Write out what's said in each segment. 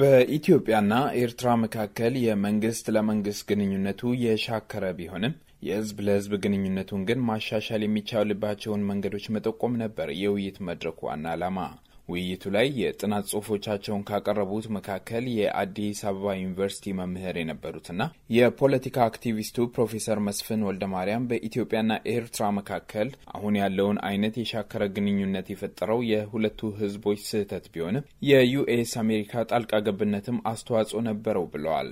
በኢትዮጵያና ኤርትራ መካከል የመንግስት ለመንግስት ግንኙነቱ የሻከረ ቢሆንም የህዝብ ለህዝብ ግንኙነቱን ግን ማሻሻል የሚቻልባቸውን መንገዶች መጠቆም ነበር የውይይት መድረኩ ዋና ዓላማ። ውይይቱ ላይ የጥናት ጽሁፎቻቸውን ካቀረቡት መካከል የአዲስ አበባ ዩኒቨርሲቲ መምህር የነበሩትና የፖለቲካ አክቲቪስቱ ፕሮፌሰር መስፍን ወልደ ማርያም በኢትዮጵያና ኤርትራ መካከል አሁን ያለውን አይነት የሻከረ ግንኙነት የፈጠረው የሁለቱ ህዝቦች ስህተት ቢሆንም የዩኤስ አሜሪካ ጣልቃ ገብነትም አስተዋጽኦ ነበረው ብለዋል።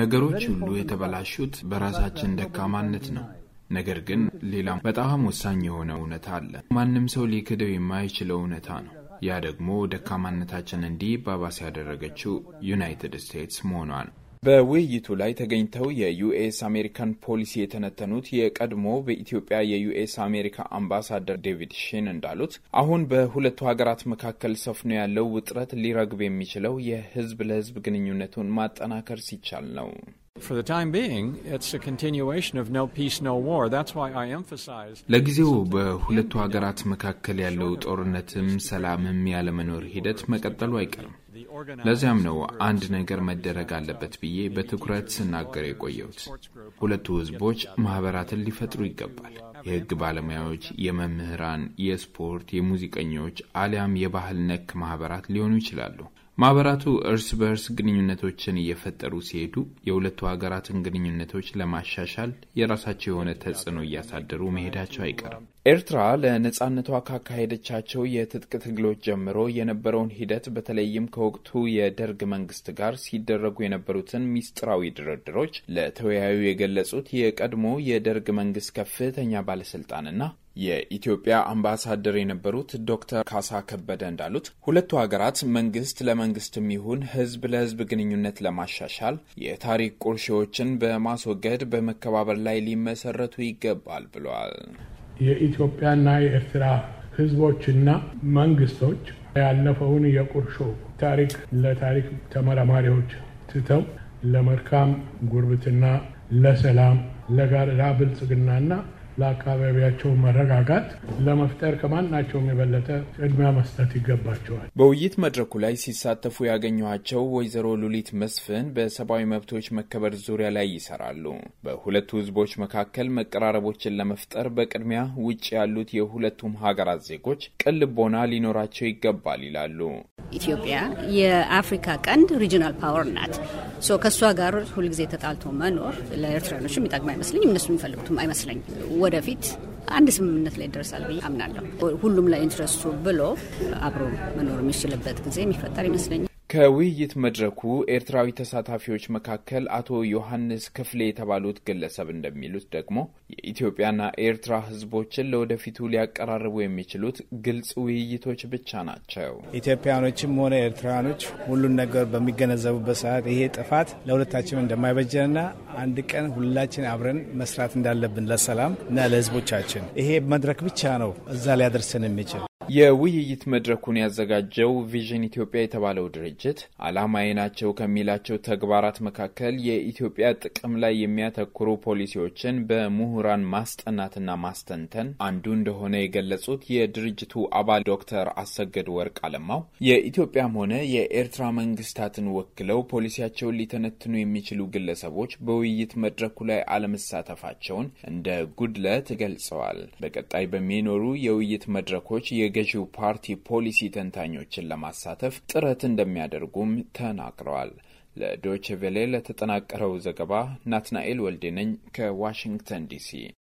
ነገሮች ሁሉ የተበላሹት በራሳችን ደካማነት ነው። ነገር ግን ሌላ በጣም ወሳኝ የሆነ እውነታ አለ። ማንም ሰው ሊክደው የማይችለው እውነታ ነው። ያ ደግሞ ደካማነታችን እንዲባባስ ያደረገችው ዩናይትድ ስቴትስ መሆኗ ነው። በውይይቱ ላይ ተገኝተው የዩኤስ አሜሪካን ፖሊሲ የተነተኑት የቀድሞ በኢትዮጵያ የዩኤስ አሜሪካ አምባሳደር ዴቪድ ሺን እንዳሉት አሁን በሁለቱ ሀገራት መካከል ሰፍኖ ያለው ውጥረት ሊረግብ የሚችለው የሕዝብ ለሕዝብ ግንኙነቱን ማጠናከር ሲቻል ነው። ለጊዜው በሁለቱ ሀገራት መካከል ያለው ጦርነትም ሰላምም ያለመኖር ሂደት መቀጠሉ አይቀርም። ለዚያም ነው አንድ ነገር መደረግ አለበት ብዬ በትኩረት ስናገር የቆየሁት። ሁለቱ ህዝቦች ማህበራትን ሊፈጥሩ ይገባል። የህግ ባለሙያዎች፣ የመምህራን፣ የስፖርት፣ የሙዚቀኞች አሊያም የባህል ነክ ማህበራት ሊሆኑ ይችላሉ። ማህበራቱ እርስ በእርስ ግንኙነቶችን እየፈጠሩ ሲሄዱ የሁለቱ ሀገራትን ግንኙነቶች ለማሻሻል የራሳቸው የሆነ ተጽዕኖ እያሳደሩ መሄዳቸው አይቀርም። ኤርትራ ለነጻነቷ ካካሄደቻቸው የትጥቅ ትግሎች ጀምሮ የነበረውን ሂደት በተለይም ከወቅቱ የደርግ መንግስት ጋር ሲደረጉ የነበሩትን ሚስጥራዊ ድርድሮች ለተወያዩ የገለጹት የቀድሞ የደርግ መንግስት ከፍተኛ ባለስልጣንና የኢትዮጵያ አምባሳደር የነበሩት ዶክተር ካሳ ከበደ እንዳሉት ሁለቱ ሀገራት መንግስት ለመንግስትም ይሁን ህዝብ ለህዝብ ግንኙነት ለማሻሻል የታሪክ ቁርሾዎችን በማስወገድ በመከባበር ላይ ሊመሰረቱ ይገባል ብለዋል። የኢትዮጵያና የኤርትራ ህዝቦችና መንግስቶች ያለፈውን የቁርሾ ታሪክ ለታሪክ ተመራማሪዎች ትተው ለመልካም ጉርብትና፣ ለሰላም፣ ለጋራ ብልጽግናና ለአካባቢያቸው መረጋጋት ለመፍጠር ከማናቸውም የበለጠ ቅድሚያ መስጠት ይገባቸዋል። በውይይት መድረኩ ላይ ሲሳተፉ ያገኘኋቸው ወይዘሮ ሉሊት መስፍን በሰብአዊ መብቶች መከበር ዙሪያ ላይ ይሰራሉ። በሁለቱ ህዝቦች መካከል መቀራረቦችን ለመፍጠር በቅድሚያ ውጭ ያሉት የሁለቱም ሀገራት ዜጎች ቅን ልቦና ሊኖራቸው ይገባል ይላሉ። ኢትዮጵያ የአፍሪካ ቀንድ ሪጂናል ፓወር ናት። ሶ ከእሷ ጋር ሁልጊዜ ተጣልቶ መኖር ለኤርትራኖች የሚጠቅም አይመስለኝም፣ እነሱ የሚፈልጉትም አይመስለኝም። ወደፊት አንድ ስምምነት ላይ ይደርሳል ብዬ አምናለሁ። ሁሉም ላይ ብሎ አብሮ መኖር የሚችልበት ጊዜ የሚፈጠር ይመስለኛል። ከውይይት መድረኩ ኤርትራዊ ተሳታፊዎች መካከል አቶ ዮሐንስ ክፍሌ የተባሉት ግለሰብ እንደሚሉት ደግሞ የኢትዮጵያና ኤርትራ ሕዝቦችን ለወደፊቱ ሊያቀራርቡ የሚችሉት ግልጽ ውይይቶች ብቻ ናቸው። ኢትዮጵያኖችም ሆነ ኤርትራኖች ሁሉን ነገር በሚገነዘቡበት ሰዓት ይሄ ጥፋት ለሁለታችን እንደማይበጀንና አንድ ቀን ሁላችን አብረን መስራት እንዳለብን ለሰላም እና ለሕዝቦቻችን ይሄ መድረክ ብቻ ነው እዛ ሊያደርሰን የሚችል የውይይት መድረኩን ያዘጋጀው ቪዥን ኢትዮጵያ የተባለው ድርጅት ዓላማዬ ናቸው ከሚላቸው ተግባራት መካከል የኢትዮጵያ ጥቅም ላይ የሚያተኩሩ ፖሊሲዎችን በምሁራን ማስጠናትና ማስተንተን አንዱ እንደሆነ የገለጹት የድርጅቱ አባል ዶክተር አሰገድ ወርቅ አለማው የኢትዮጵያም ሆነ የኤርትራ መንግስታትን ወክለው ፖሊሲያቸውን ሊተነትኑ የሚችሉ ግለሰቦች በውይይት መድረኩ ላይ አለመሳተፋቸውን እንደ ጉድለት ገልጸዋል። በቀጣይ በሚኖሩ የውይይት መድረኮች የገ የገዢው ፓርቲ ፖሊሲ ተንታኞችን ለማሳተፍ ጥረት እንደሚያደርጉም ተናግረዋል። ለዶችቬሌ ለተጠናቀረው ዘገባ ናትናኤል ወልዴነኝ ከዋሽንግተን ዲሲ